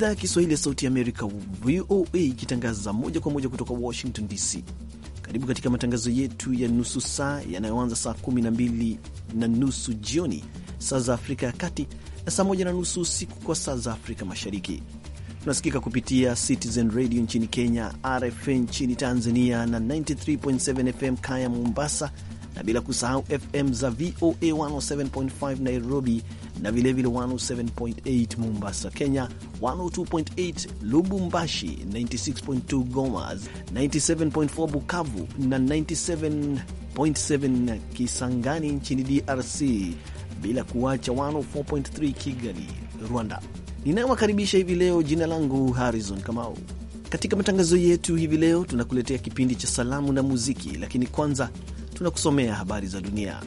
idhaa ya Kiswahili ya Sauti Amerika, VOA, ikitangaza moja kwa moja kutoka Washington DC. Karibu katika matangazo yetu ya nusu saa yanayoanza saa 12 na nusu jioni saa za Afrika ya Kati na saa moja na nusu usiku kwa saa za Afrika Mashariki. Tunasikika kupitia Citizen Radio nchini Kenya, RFA nchini Tanzania na 93.7 FM Kaya Mombasa, na bila kusahau FM za VOA 107.5 Nairobi na vilevile 107.8 Mombasa, Kenya, 102.8 Lubumbashi, 96.2 Goma, 97.4 Bukavu na 97.7 Kisangani nchini DRC, bila kuacha 104.3 Kigali, Rwanda. Ninayewakaribisha hivi leo, jina langu Harrison Kamau. Katika matangazo yetu hivi leo tunakuletea kipindi cha salamu na muziki, lakini kwanza tunakusomea habari za dunia.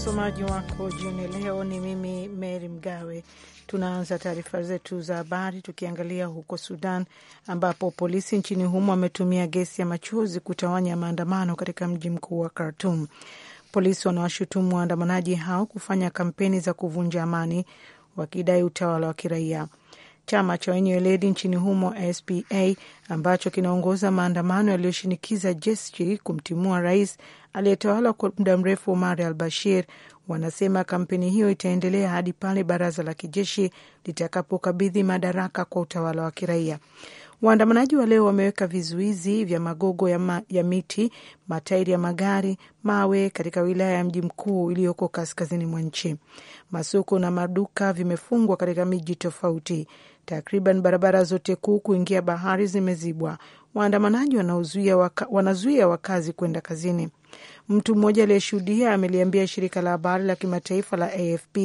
Msomaji wako jioni leo ni mimi Mary Mgawe. Tunaanza taarifa zetu za habari tukiangalia huko Sudan, ambapo polisi nchini humo wametumia gesi ya machozi kutawanya maandamano katika mji mkuu wa Khartum. Polisi wanawashutumu waandamanaji hao kufanya kampeni za kuvunja amani, wakidai utawala wa kiraia. Chama cha weledi nchini humo SPA ambacho kinaongoza maandamano yaliyoshinikiza jeshi kumtimua rais aliyetawala kwa muda mrefu Omar al Bashir, wanasema kampeni hiyo itaendelea hadi pale baraza la kijeshi litakapokabidhi madaraka kwa utawala wa kiraia. Waandamanaji wa leo wameweka vizuizi vya magogo ya, ma, ya miti, matairi ya magari, mawe katika wilaya ya mji mkuu iliyoko kaskazini mwa nchi. Masoko na maduka vimefungwa katika miji tofauti. Takriban barabara zote kuu kuingia bahari zimezibwa. Waandamanaji wanazuia waka, wanazuia wakazi kwenda kazini. Mtu mmoja aliyeshuhudia ameliambia shirika la habari la kimataifa la AFP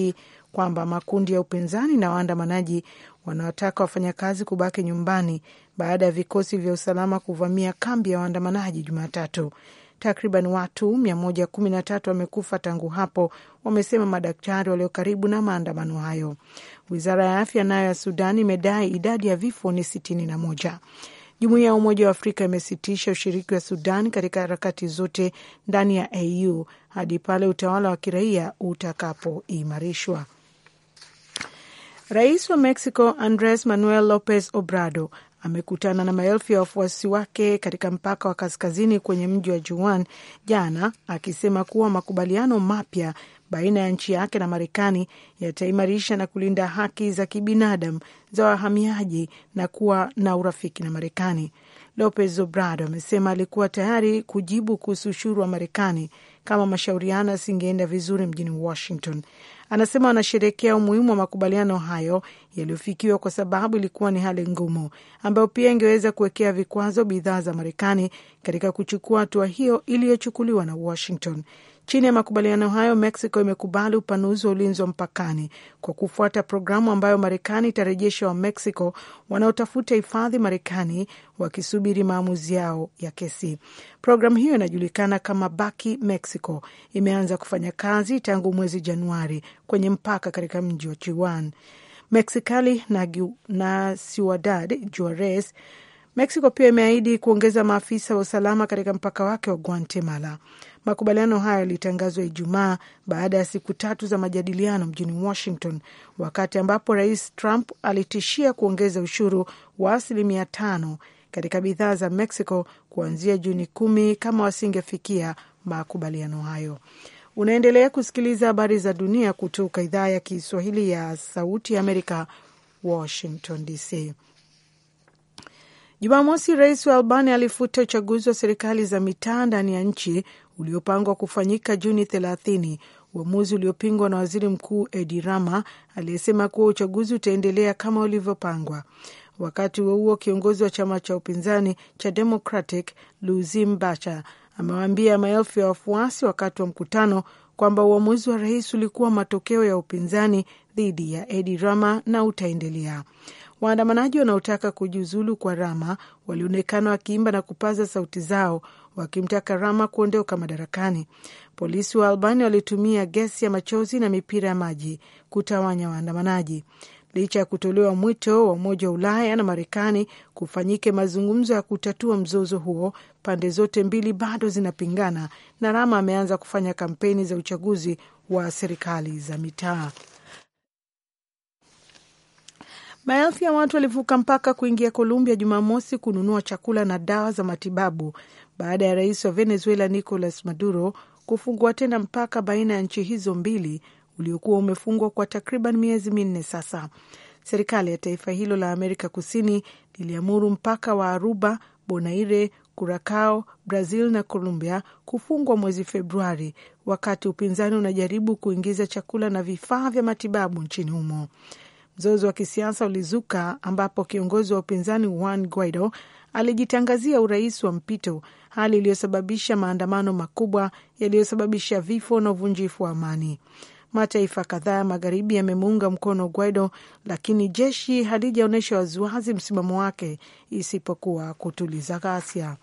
kwamba makundi ya upinzani na waandamanaji wanawataka wafanyakazi kubaki nyumbani baada ya vikosi vya usalama kuvamia kambi ya waandamanaji Jumatatu. Takriban watu 113 wamekufa tangu hapo, wamesema madaktari walio karibu na maandamano hayo. Wizara ya afya nayo ya Sudan imedai idadi ya vifo ni 61. Jumuiya ya Umoja wa Afrika imesitisha ushiriki wa Sudan katika harakati zote ndani ya AU hadi pale utawala wa kiraia utakapoimarishwa. Rais wa Mexico Andres Manuel Lopez Obrador amekutana na maelfu ya wafuasi wake katika mpaka wa kaskazini kwenye mji wa Juan jana, akisema kuwa makubaliano mapya baina ya nchi yake na Marekani yataimarisha na kulinda haki za kibinadamu za wahamiaji na kuwa na urafiki na Marekani. Lopez Obrador amesema alikuwa tayari kujibu kuhusu ushuru wa Marekani kama mashauriano yasingeenda vizuri mjini Washington, Anasema anasherekea umuhimu wa makubaliano hayo yaliyofikiwa kwa sababu ilikuwa ni hali ngumu ambayo pia ingeweza kuwekea vikwazo bidhaa za Marekani katika kuchukua hatua hiyo iliyochukuliwa na Washington. Chini ya makubaliano hayo, Mexico imekubali upanuzi wa ulinzi wa mpakani kwa kufuata programu ambayo Marekani itarejesha wa mexico wanaotafuta hifadhi Marekani wakisubiri maamuzi yao ya kesi. Programu hiyo inajulikana kama Baki Mexico, imeanza kufanya kazi tangu mwezi Januari kwenye mpaka katika mji wa Chihuan, Mexicali na, na Ciudad Juarez. Mexico pia imeahidi kuongeza maafisa wa usalama katika mpaka wake wa Guatemala. Makubaliano hayo yalitangazwa Ijumaa baada ya siku tatu za majadiliano mjini Washington, wakati ambapo Rais Trump alitishia kuongeza ushuru wa asilimia tano katika bidhaa za Mexico kuanzia Juni kumi kama wasingefikia makubaliano hayo. Unaendelea kusikiliza habari za dunia kutoka idhaa ya Kiswahili ya Sauti ya Amerika, Washington DC. Jumamosi, rais wa Albania alifuta uchaguzi wa serikali za mitaa ndani ya nchi uliopangwa kufanyika Juni 30, uamuzi uliopingwa na waziri mkuu Edi Rama aliyesema kuwa uchaguzi utaendelea kama ulivyopangwa. Wakati huo huo, kiongozi wa chama cha upinzani cha Democratic Luzim Bacha amewaambia maelfu ya wafuasi wakati wa mkutano kwamba uamuzi wa rais ulikuwa matokeo ya upinzani dhidi ya Edi Rama na utaendelea. Waandamanaji wanaotaka kujiuzulu kwa Rama walionekana wakiimba na kupaza sauti zao wakimtaka Rama kuondoka madarakani. Polisi wa Albania walitumia gesi ya machozi na mipira ya maji kutawanya waandamanaji licha ya kutolewa mwito wa Umoja wa Ulaya na Marekani kufanyike mazungumzo ya kutatua mzozo huo, pande zote mbili bado zinapingana, na Rama ameanza kufanya kampeni za uchaguzi wa serikali za mitaa. Maelfu ya watu walivuka mpaka kuingia Colombia Jumamosi kununua chakula na dawa za matibabu baada ya rais wa Venezuela Nicolas Maduro kufungua tena mpaka baina ya nchi hizo mbili uliokuwa umefungwa kwa takriban miezi minne sasa. Serikali ya taifa hilo la Amerika Kusini liliamuru mpaka wa Aruba, Bonaire, Curacao, Brazil na Colombia kufungwa mwezi Februari, wakati upinzani unajaribu kuingiza chakula na vifaa vya matibabu nchini humo. Mzozo wa kisiasa ulizuka ambapo kiongozi wa upinzani Juan Guaido alijitangazia urais wa mpito, hali iliyosababisha maandamano makubwa yaliyosababisha vifo na uvunjifu wa amani. Mataifa kadhaa ya magharibi yamemuunga mkono Guaido, lakini jeshi halijaonyesha waziwazi msimamo wake isipokuwa kutuliza ghasia.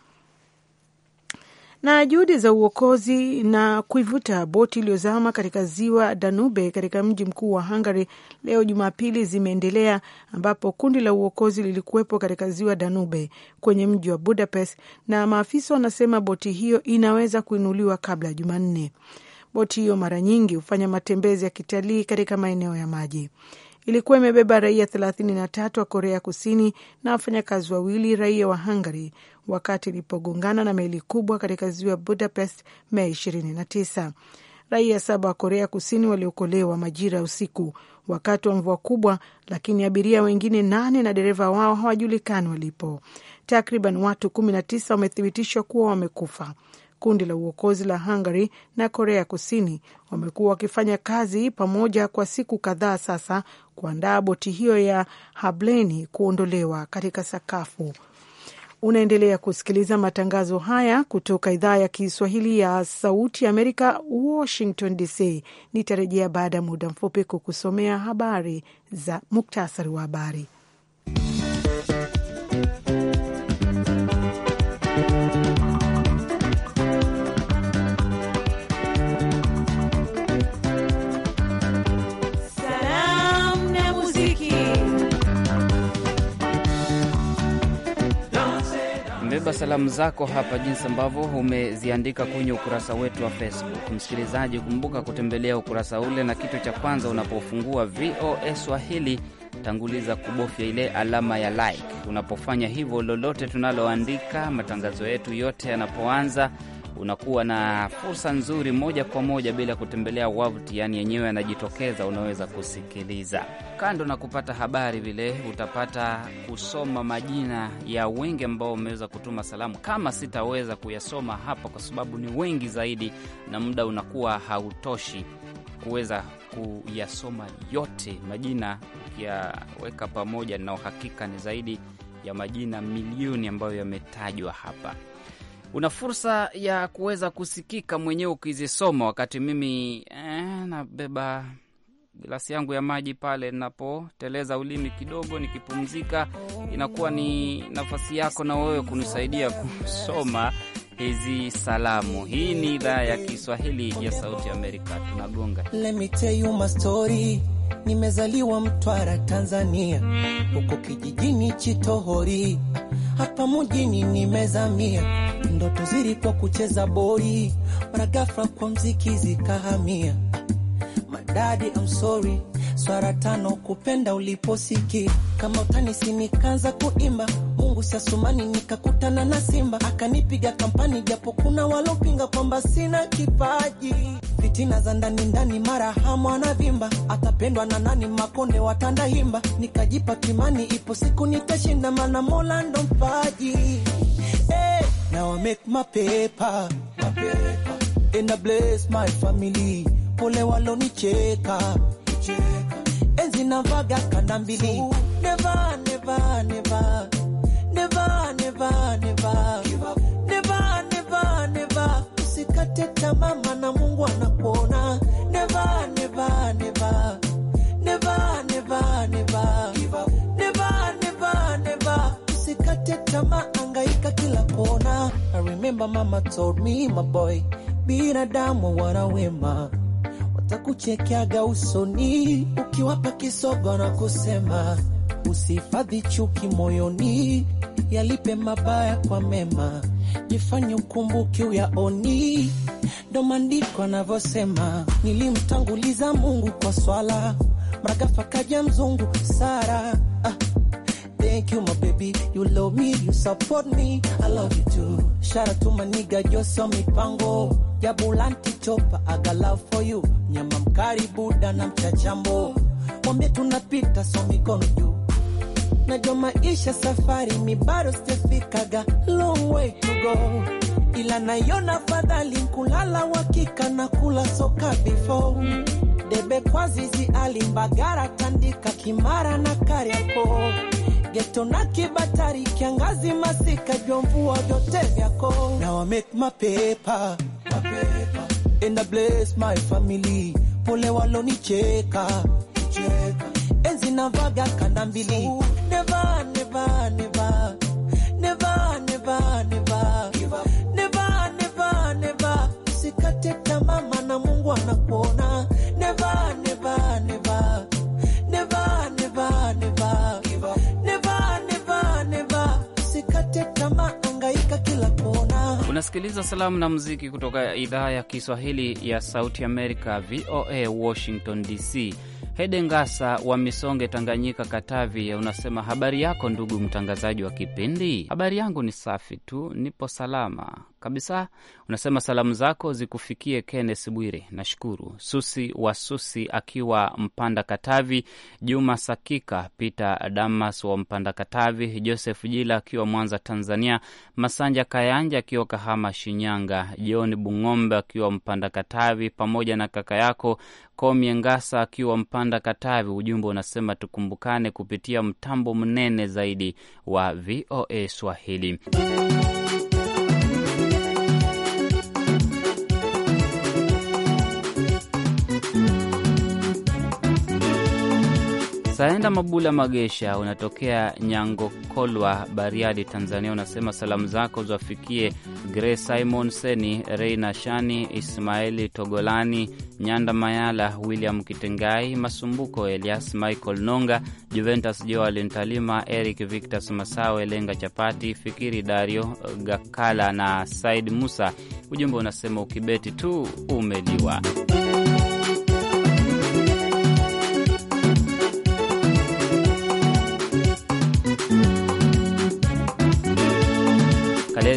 Na juhudi za uokozi na kuivuta boti iliyozama katika ziwa Danube katika mji mkuu wa Hungary leo Jumapili zimeendelea ambapo kundi la uokozi lilikuwepo katika ziwa Danube kwenye mji wa Budapest na maafisa wanasema boti hiyo inaweza kuinuliwa kabla ya Jumanne. Boti hiyo mara nyingi hufanya matembezi ya kitalii katika maeneo ya maji ilikuwa imebeba raia 33 wa Korea Kusini na wafanyakazi wawili raia wa Hungary wakati ilipogongana na meli kubwa katika ziwa Budapest Mei 29. Raia saba wa Korea Kusini waliokolewa majira ya usiku wakati wa mvua kubwa, lakini abiria wengine nane na dereva wao hawajulikani walipo. Takriban watu 19 wamethibitishwa kuwa wamekufa. Kundi la uokozi la Hungary na Korea Kusini wamekuwa wakifanya kazi pamoja kwa siku kadhaa sasa, kuandaa boti hiyo ya Hableni kuondolewa katika sakafu. Unaendelea kusikiliza matangazo haya kutoka idhaa ya Kiswahili ya Sauti Amerika, Washington DC. Nitarejea baada ya muda mfupi kukusomea habari za muktasari wa habari. tumebeba salamu zako hapa jinsi ambavyo umeziandika kwenye ukurasa wetu wa Facebook. Msikilizaji, kumbuka kutembelea ukurasa ule, na kitu cha kwanza unapofungua VOA Swahili tanguliza kubofya ile alama ya like. Unapofanya hivyo, lolote tunaloandika, matangazo yetu yote yanapoanza unakuwa na fursa nzuri moja kwa moja bila kutembelea wavuti, yani yenyewe yanajitokeza, unaweza kusikiliza. Kando na kupata habari, vile utapata kusoma majina ya wengi ambao wameweza kutuma salamu, kama sitaweza kuyasoma hapa kwa sababu ni wengi zaidi na muda unakuwa hautoshi kuweza kuyasoma yote majina. Ukiyaweka pamoja, na uhakika ni zaidi ya majina milioni ambayo yametajwa hapa una fursa ya kuweza kusikika mwenyewe ukizisoma, wakati mimi eh, nabeba gilasi yangu ya maji pale napoteleza ulimi kidogo, nikipumzika. Inakuwa ni nafasi yako na wewe kunisaidia kusoma hizi salamu. Hii ni idhaa ya Kiswahili ya Sauti ya Amerika. Tunagonga, let me tell you my story. Nimezaliwa Mtwara, Tanzania, huko kijijini Chitohori, hapa mjini nimezamia ndoto zilikuwa kucheza boli, mara ghafla kwa mziki zikahamia madadi. I'm sorry swara tano kupenda uliposiki kama utanisi, nikaanza kuimba Mungu sasumani nikakutana na simba akanipiga kampani, japo kuna walopinga kwamba sina kipaji. Fitina za ndani ndani, mara hamu anavimba, vimba, atapendwa na nani? Makonde watanda himba, nikajipa kimani, ipo siku nitashinda, mana Mola ndo mpaji Now I make my paper, my paper. And I bless my family. Pole walonicheka. Enzi navaga kanda mbili. Never, never, never. Never, never, never. Never, never, never. Usikate tamaa maana Mungu anakuona. Never, never, never. Never, never, never. Never, never, never. Usikate tamaa kona. I remember mama told me my boy, binadamu wana wema, watakuchekeaga usoni ukiwapa kisogo na kusema usihifadhi chuki moyoni, yalipe mabaya kwa mema, jifanye ukumbuki uyaoni. Ndo maandiko anavyosema, nilimtanguliza Mungu kwa swala, mragafa kaja mzungu Sara ah. Thank you, my baby. You love me, you support me. I love you too. Shout out to my nigga, pango. Mipango. Jabulanti chopa, I got love for you. Nyama mkari buda na mchachambo. Mwambie tunapita so mikono juu. Najua maisha safari mi bado sijafikaga. Long way to go. Ila naiona fadhali kulala wakika na kula soka before. Debe kwa zizi alimbagara tandika kimara na Kariakoo. Geto na Kibatari, kiangazi, masika, jua, mvua vyote vyako. Now I make my paper, my paper. And I bless my family, pole walonicheka enzi na vaga kanda mbili. Never, never, never. Never, never, never. unasikiliza salamu na muziki kutoka idhaa ya Kiswahili ya Sauti Amerika, VOA Washington DC. Hede Ngasa wa Misonge, Tanganyika, Katavi, unasema habari yako ndugu mtangazaji wa kipindi. Habari yangu ni safi tu, nipo salama kabisa. Unasema salamu zako zikufikie kennes Bwire, nashukuru Susi wa Susi akiwa Mpanda Katavi, Juma Sakika, Peter Damas wa Mpanda Katavi, Joseph Jila akiwa Mwanza Tanzania, Masanja Kayanja akiwa Kahama Shinyanga, John Bung'ombe akiwa Mpanda Katavi, pamoja na kaka yako Komie Ngasa akiwa Mpanda Katavi. Ujumbe unasema tukumbukane kupitia mtambo mnene zaidi wa VOA Swahili. Saenda Mabula Magesha, unatokea Nyangokolwa, Bariadi, Tanzania. Unasema salamu zako zafikie gre Simon Seni, Reina Shani, Ismaeli Togolani, Nyanda Mayala, William Kitengai, Masumbuko Elias, Michael Nonga, Juventus Joal Ntalima, Eric Victas Masawe, Lenga Chapati, Fikiri Dario Gakala na Said Musa. Ujumbe unasema ukibeti tu umeliwa.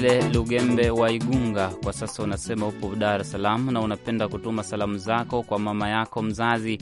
Msele Lugembe wa Igunga, kwa sasa unasema upo Dar es Salaam na unapenda kutuma salamu zako kwa mama yako mzazi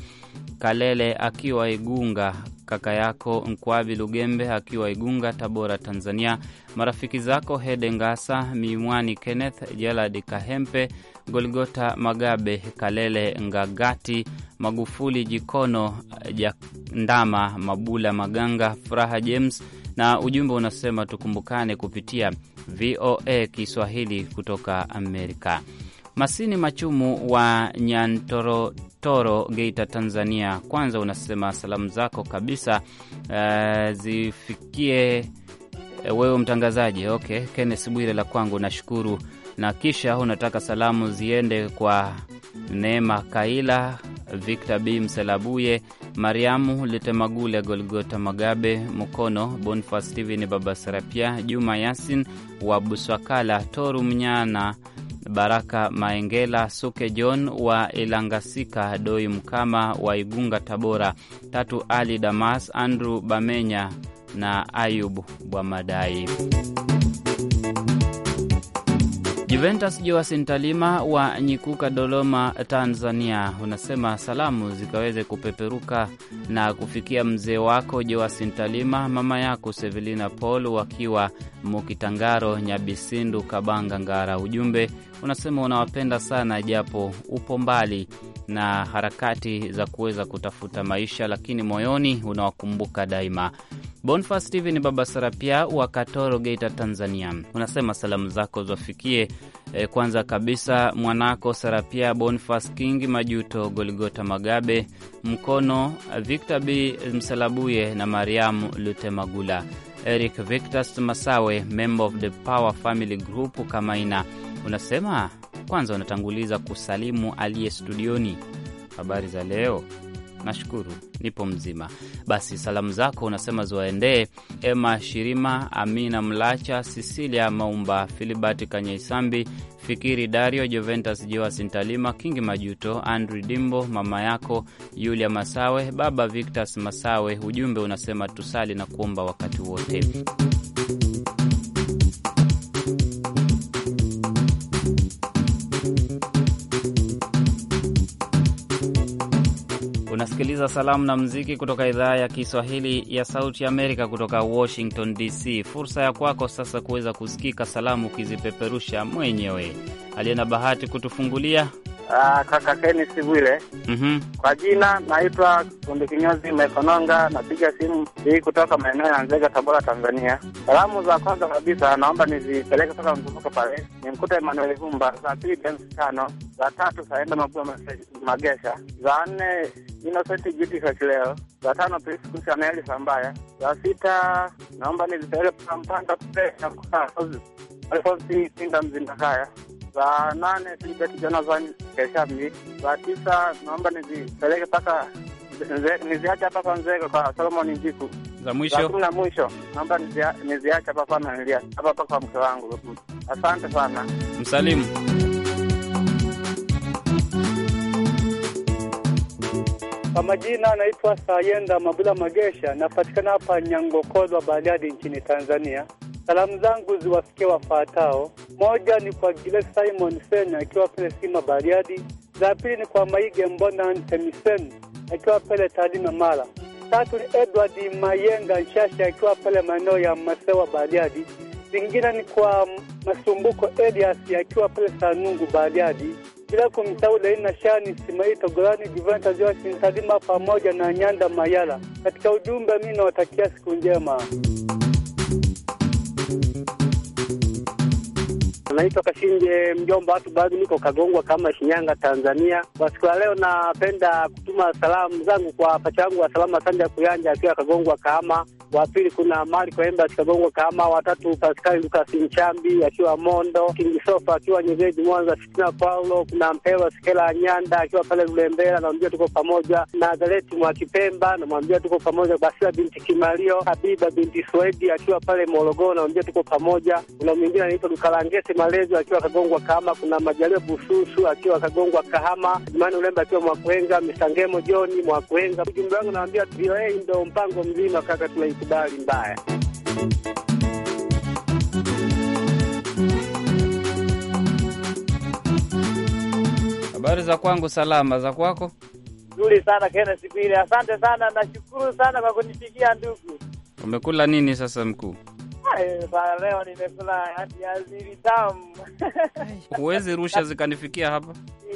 Kalele akiwa Igunga, kaka yako Nkwabi Lugembe akiwa Igunga, Tabora, Tanzania, marafiki zako Hede Ngasa, mimwani Kenneth, Jeladi Kahempe, Golgota Magabe, Kalele Ngagati, Magufuli Jikono, Jandama Mabula Maganga, Furaha James na ujumbe unasema tukumbukane kupitia VOA Kiswahili kutoka Amerika. Masini Machumu wa Nyantorotoro, Geita, Tanzania, kwanza unasema salamu zako kabisa uh, zifikie eh, wewe mtangazaji. Okay, Kennes Bwire la kwangu nashukuru, na kisha unataka salamu ziende kwa Neema Kaila Victor B Mselabuye, Mariamu litemagule Golgota Magabe Mukono, Bonifas Steven Babasarapia, Juma, Yasin wa Buswakala, Toru Mnyana, Baraka Maengela, Suke John wa Ilangasika, Doi Mkama wa Igunga, Tabora, Tatu Ali Damas, Andrew Bamenya na Ayub Bwamadai. Juventus Joas Ntalima wa Nyikuka, Dodoma, Tanzania, unasema salamu zikaweze kupeperuka na kufikia mzee wako Joas Ntalima, mama yako Sevelina Paul wakiwa Mukitangaro, Nyabisindu, Kabanga, Ngara. Ujumbe unasema unawapenda sana, japo upo mbali na harakati za kuweza kutafuta maisha, lakini moyoni unawakumbuka daima. Bonifas Steven Baba Sarapia wa Katoro, Geita, Tanzania, unasema salamu zako zafikie e, eh, kwanza kabisa mwanako Sarapia Bonifas King Majuto, Goligota Magabe Mkono, Victor B Msalabuye na Mariamu Lutemagula, Eric Victas Masawe, member of the Power Family Group Kamaina. Unasema kwanza unatanguliza kusalimu aliye studioni. Habari za leo Nashukuru nipo mzima. Basi salamu zako unasema ziwaendee ema Shirima, Amina Mlacha, Sisilia Maumba, Filibert Kanyaisambi, Fikiri Dario, Juventus Jewa Sintalima Kingi, Majuto, andri Dimbo, mama yako Yulia Masawe, baba Victas Masawe. Ujumbe unasema tusali na kuomba wakati wote. unasikiliza salamu na mziki kutoka idhaa ya Kiswahili ya Sauti Amerika kutoka Washington DC. Fursa ya kwako sasa kuweza kusikika salamu ukizipeperusha mwenyewe. Aliye na bahati kutufungulia Uh, kaka Kenisi Bwile mm -hmm. Kwa jina naitwa Kundi Kinyozi Mekononga, napiga simu hii kutoka maeneo ya Nzega, Tabora, Tanzania. Salamu za kwanza kabisa naomba nizipeleke sasa mzunguko pale nimkute Emmanuel Vumba, za pili Tano, za tatu Saenda Mabua Magesha, za nne Innocent Judy Sachileo, za tano Priscus Aneli Sambaya, za sita naomba nizipeleke Mpanda kule na Alfonsi Tinda Mzindakaya Saa nane sija kijana zani kesha mi Saa tisa naomba nizipeleke mpaka niziache hapa kwa Nzega kwa Solomon Njiku. Za mwisho za na mwisho naomba niziache hapa kwa familia hapa hapa kwa mke wangu. Asante sana, msalimu Kwa majina naitwa Sayenda Mabula Magesha, napatikana hapa Nyangokodwa, Bariadi, nchini Tanzania. Salamu zangu ziwafikie wafuatao: moja ni kwa Gile Simon Senya akiwa pale Sima Bariadi, za pili ni kwa Maige Mbona Ntemiseni akiwa pale Talima Mara, tatu ni Edward Mayenga Nshashi akiwa pale maeneo ya Masewa Bariadi, zingine ni kwa Masumbuko Elias akiwa pale Sanungu Bariadi, bila kumsahau Laina Shani Simai Togolani Juventa Washington Talima pamoja na Nyanda Mayala. Katika ujumbe, mimi nawatakia siku njema. Naitwa Kashinje mjomba watu baadhi, niko Kagongwa kama Shinyanga, Tanzania. Kwa siku ya leo, napenda kutuma salamu zangu kwa pacha wangu wa salama Sanja Kuyanja akiwa Kagongwa Kahama, wa pili kuna Marco Emba Kagongo Kahama, watatu Pascal Lucas Nchambi akiwa Mondo, Kingisofa akiwa Nyegeji Mwanza, Fitina Paulo, kuna Mpewa Sikela Nyanda akiwa pale Lulembela, namwambia tuko pamoja, Nazareti Mwakipemba namwambia tuko pamoja, Basila binti Kimalio, Habiba binti Swedi akiwa pale Morogoro, namwambia tuko pamoja. Kuna mwingine anaitwa Dukalangese Malezo akiwa Kagongwa Kahama, kuna Majaliwa Bususu akiwa Kagongwa Kahama, Jumani Ulemba akiwa mwakuenga Misangemo Joni mwakuenga Ujumbe wangu nawambia VOA ndo mpango mzima kaka, tuna itikubali mbaya. Habari za kwangu salama, za kwako? Nzuri sana kena siku ile. Asante sana, nashukuru sana kwa kunifikia ndugu. Umekula nini sasa mkuu? Leo nimekula viazi vitamu. Huwezi rusha zikanifikia hapa?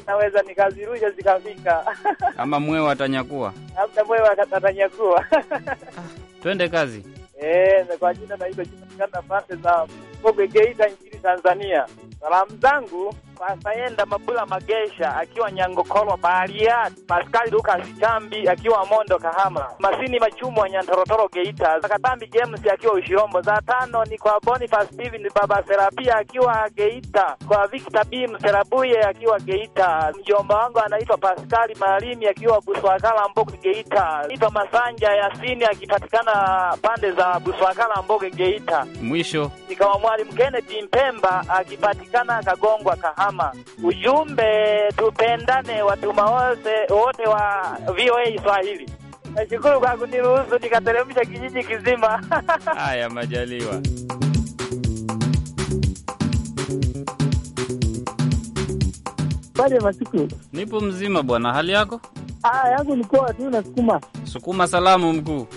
Naweza nikazirusha zikafika. Ama mwewe atanyakua, labda mwewe atanyakua. Ah. Twende kazi. Eh, kwa jina naitwa Jimena Nafasi za Mbogwe Geita nchini Tanzania. Salamu zangu kwa Sayenda Mabula Magesha akiwa Nyangokorwa, Bariadi, Pascal Lucas Chambi akiwa Mondo, Kahama, Masini wa Nyantorotoro, Geita, Katambi James akiwa Ushirombo. Za tano ni kwa Boniface Steven Baba Serapia akiwa Geita, kwa Victor B Mserabuye akiwa Geita, mjomba wangu anaitwa Pascal Malimi akiwa Buswakala Mboge, Geita, naitwa Masanja Yasini akipatikana pande za Buswakala Mboge, Geita. Mwisho kama Mwalimu Kennedy Mpemba akipatikana akapatikana Kagongwa, kahama. Ujumbe tupendane, watuma wote wote wa VOA Swahili. Nashukuru kwa kuniruhusu nikateremsha kijiji kizima. Haya, majaliwa. Habari masiku. Nipo mzima bwana, hali yako? Ah, yangu ni poa tu, nasukuma sukuma. Salamu mkuu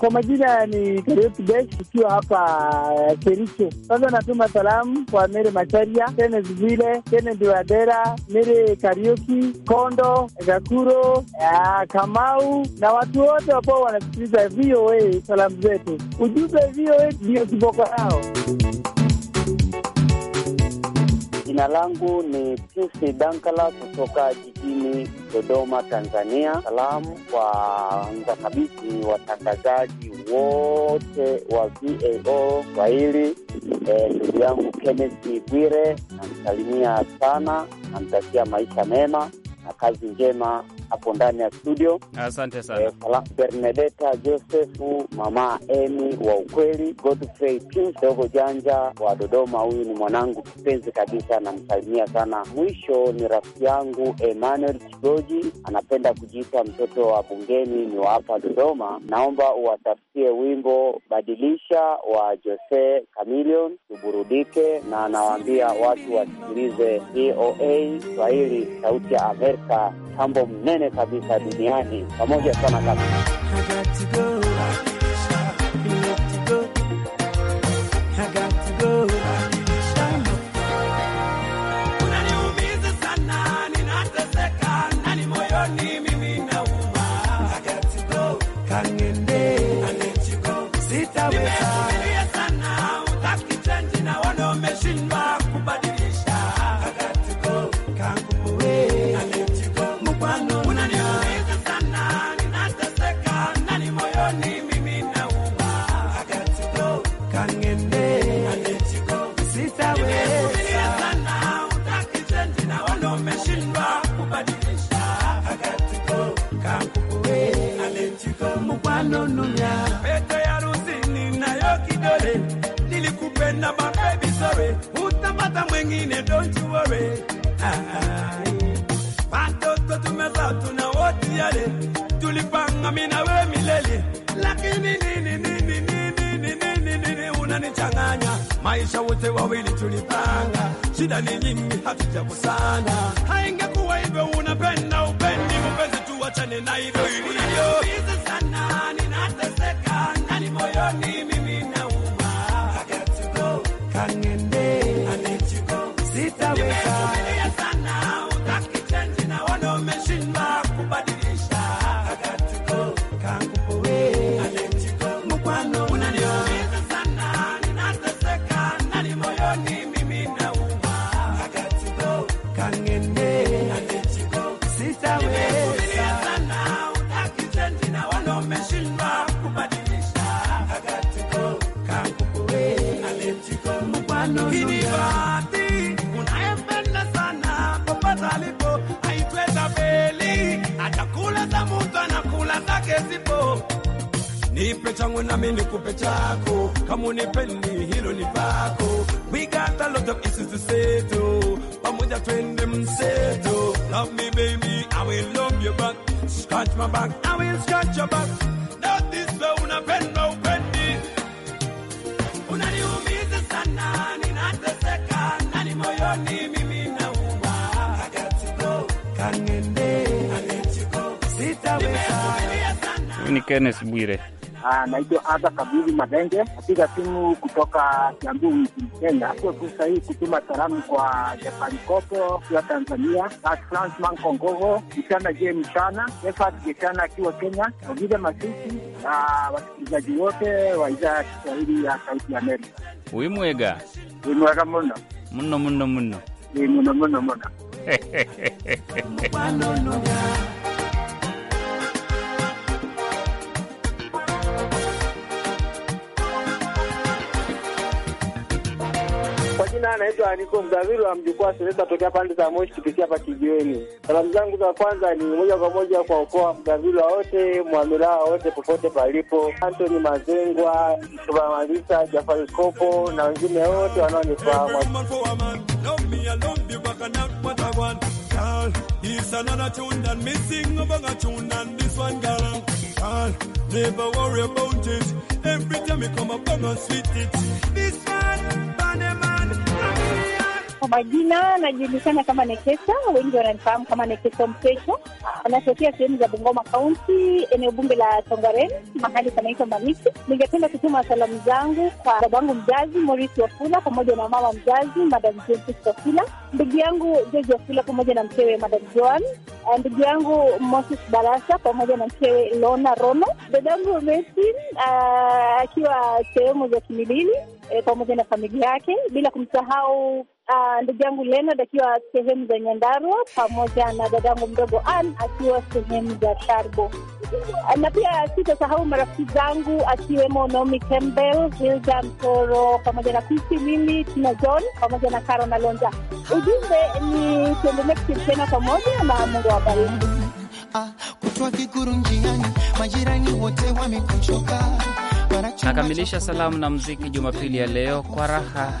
kwa majina ni Karioti Bes ikiwa hapa eh, Kericho. Sasa natuma salamu kwa Mere Macharia, tene Zivile, tene duadera Mere Karioki, Kondo Gakuro, eh, Kamau na watu wote ambao wanasikiliza VOA. Salamu zetu, ujumbe VOA ndio kiboko yao. Jina langu ni Piusi Dankala kutoka jijini Dodoma, Tanzania. Salamu kwa mkakabisi watangazaji wote wa VAO Swahili, eh, ndugu e, yangu Kenneth Bwire namsalimia sana, namtakia maisha mema na kazi njema hapo ndani ya studio. Asante sana eh, Bernadeta Josefu, mama Emi wa ukweli, Godfrey Pin dogo janja wa Dodoma. Huyu ni mwanangu kipenzi kabisa, namsalimia sana. Mwisho ni rafiki yangu Emmanuel Chigoji, anapenda kujiita mtoto wa bungeni, ni wa hapa Dodoma. Naomba uwatafutie wimbo badilisha wa Jose Chameleone tuburudike, na anawaambia watu wasikilize VOA Swahili, sauti ya Amerika, tambo mne mnene kabisa duniani, pamoja sana kabisa. shida ni nyingi, sana Haingekuwa hivyo, unapenda upendi, mpenzi, tuachane na hivyo. Unaniumiza sana, ninateseka ndani moyoni Nipe changu nami nikupe chako, kama unipendi hilo ni pako. We got a lot of issues to settle, pamoja twende mseto. Love me baby, I will love you back, scratch my back, I will scratch your back. Natiswa unapenda upendi, unaniumiza sana, ninateseka nani moyoni mimi nauma, I got to go, kanende, sitaweza. Ni Kenneth Bwire. Ah, naitwa Adha Kabili Madenge, napiga simu kutoka Kiambu nchini Kenya. Hatua fursa hii kutuma salamu kwa Japani Kopo akiwa Tanzania, Frans Mankongogo Mchana Je Mchana, Efat Geshana akiwa Kenya, Ogile Masisi na wasikilizaji wote wa idhaa ya Kiswahili ya Sauti ya Amerika. Wimwega wimwega muno muno muno muno muno muno muno Majina anaitwa Niko Mgaviri wa mjukuu wa tokea pande za Moshi kupitia hapa kijiweni. Salamu zangu za kwanza ni moja kwa moja kwa ukoa Mgaviri wote mwamiraa wote popote palipo, Anthony Mazengwa, Shuba Malisa, Jafari Kopo na wengine wote wanaonifahamu. Never worry about it. Every time you come up, I'm gonna sweet it. This man, kwa majina najulikana kama Nekesa, wengi wananifahamu kama Nekesa Mpesho. Anatokea sehemu za Bungoma Kaunti, eneo bunge la Tongaren, mahali panaitwa Mamisi. Ningependa kutuma salamu zangu kwa babangu mzazi Morisi Wafula pamoja na mama mzazi Madam Jensis Wafula, ndugu yangu George Wafula pamoja na mkewe Madam Joan, ah, ndugu yangu Moses Barasa pamoja na mkewe Lona Rono, dadangu Mesin ah, akiwa sehemu za Kimilili eh, pamoja na familia yake, bila kumsahau Ah, ndugu uh, yangu Leonard akiwa sehemu za Nyandarua pamoja na dadangu mdogo Ann akiwa sehemu za tarbo ah, na pia sitasahau marafiki zangu akiwemo Naomi Campbell, Hilda Mtoro pamoja na Pisi Lili, Tina John pamoja na Karo na Lonja. Ujumbe ni tuendelee kushirikiana pamoja na Mungu wa bariki. Ah, kutwa kikuru njiani, majirani wote wamekuchoka. Nakamilisha salamu na mziki Jumapili ya leo kwa raha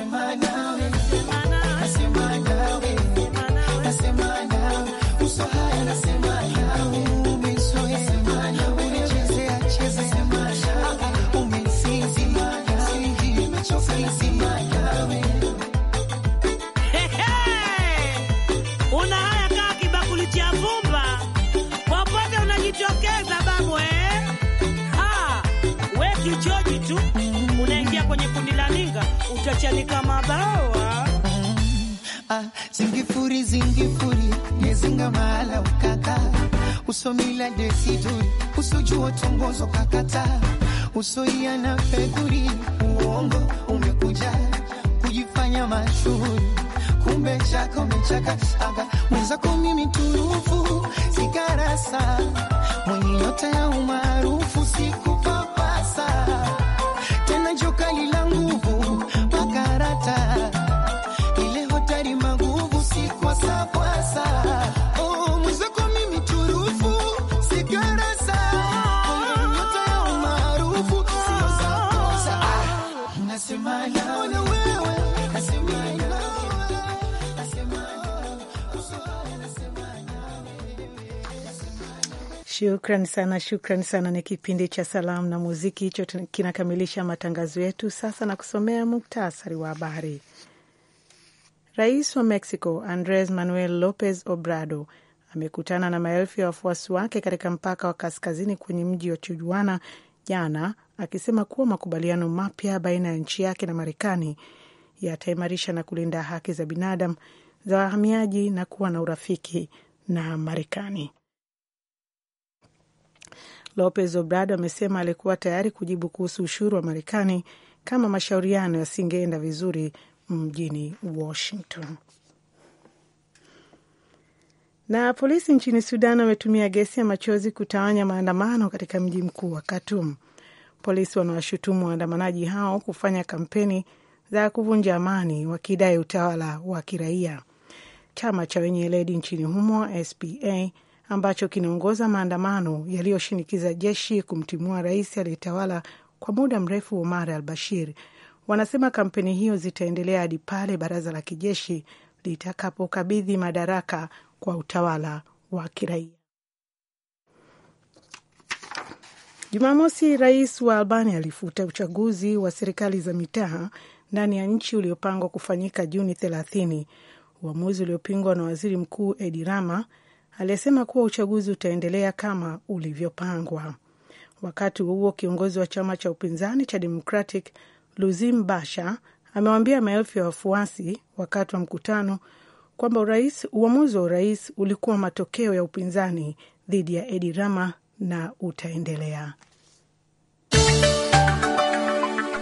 to my knowledge. chali kama bawa ah, ah, zingifuri zingifuri ngezinga mahala ukaka usomila desiduri usojua tongozo kakata usoia na fedhuri uongo umekuja kujifanya mashuhuri kumbe chako mechaka aga mwenzako mimi turufu sikarasa mwenye nyota ya umaarufu siku Shukran sana, shukran sana. Ni kipindi cha salamu na muziki, hicho kinakamilisha matangazo yetu sasa, na kusomea muktasari wa habari. Rais wa Mexico Andres Manuel Lopez Obrador amekutana na maelfu ya wafuasi wake katika mpaka wa kaskazini kwenye mji wa Tijuana jana, akisema kuwa makubaliano mapya baina ya nchi yake na Marekani yataimarisha na kulinda haki za binadamu za wahamiaji na kuwa na urafiki na Marekani. Lopez Obrador amesema alikuwa tayari kujibu kuhusu ushuru wa Marekani kama mashauriano yasingeenda vizuri mjini Washington. Na polisi nchini Sudan wametumia gesi ya machozi kutawanya maandamano katika mji mkuu wa Khartoum. Polisi wanawashutumu waandamanaji hao kufanya kampeni za kuvunja amani, wakidai utawala wa kiraia. Chama cha wenye eledi nchini humo SPA ambacho kinaongoza maandamano yaliyoshinikiza jeshi kumtimua rais aliyetawala kwa muda mrefu Omar al Bashir. Wanasema kampeni hiyo zitaendelea hadi pale baraza la kijeshi litakapokabidhi madaraka kwa utawala wa kiraia. Jumamosi, rais wa Albania alifuta uchaguzi wa serikali za mitaa ndani ya nchi uliopangwa kufanyika Juni 30, uamuzi uliopingwa na waziri mkuu Edi Rama aliyesema kuwa uchaguzi utaendelea kama ulivyopangwa. Wakati huo kiongozi wa chama cha upinzani cha Democratic Luzim Basha amewaambia maelfu ya wafuasi wakati wa mkutano kwamba urais uamuzi wa urais ulikuwa matokeo ya upinzani dhidi ya Edi Rama na utaendelea.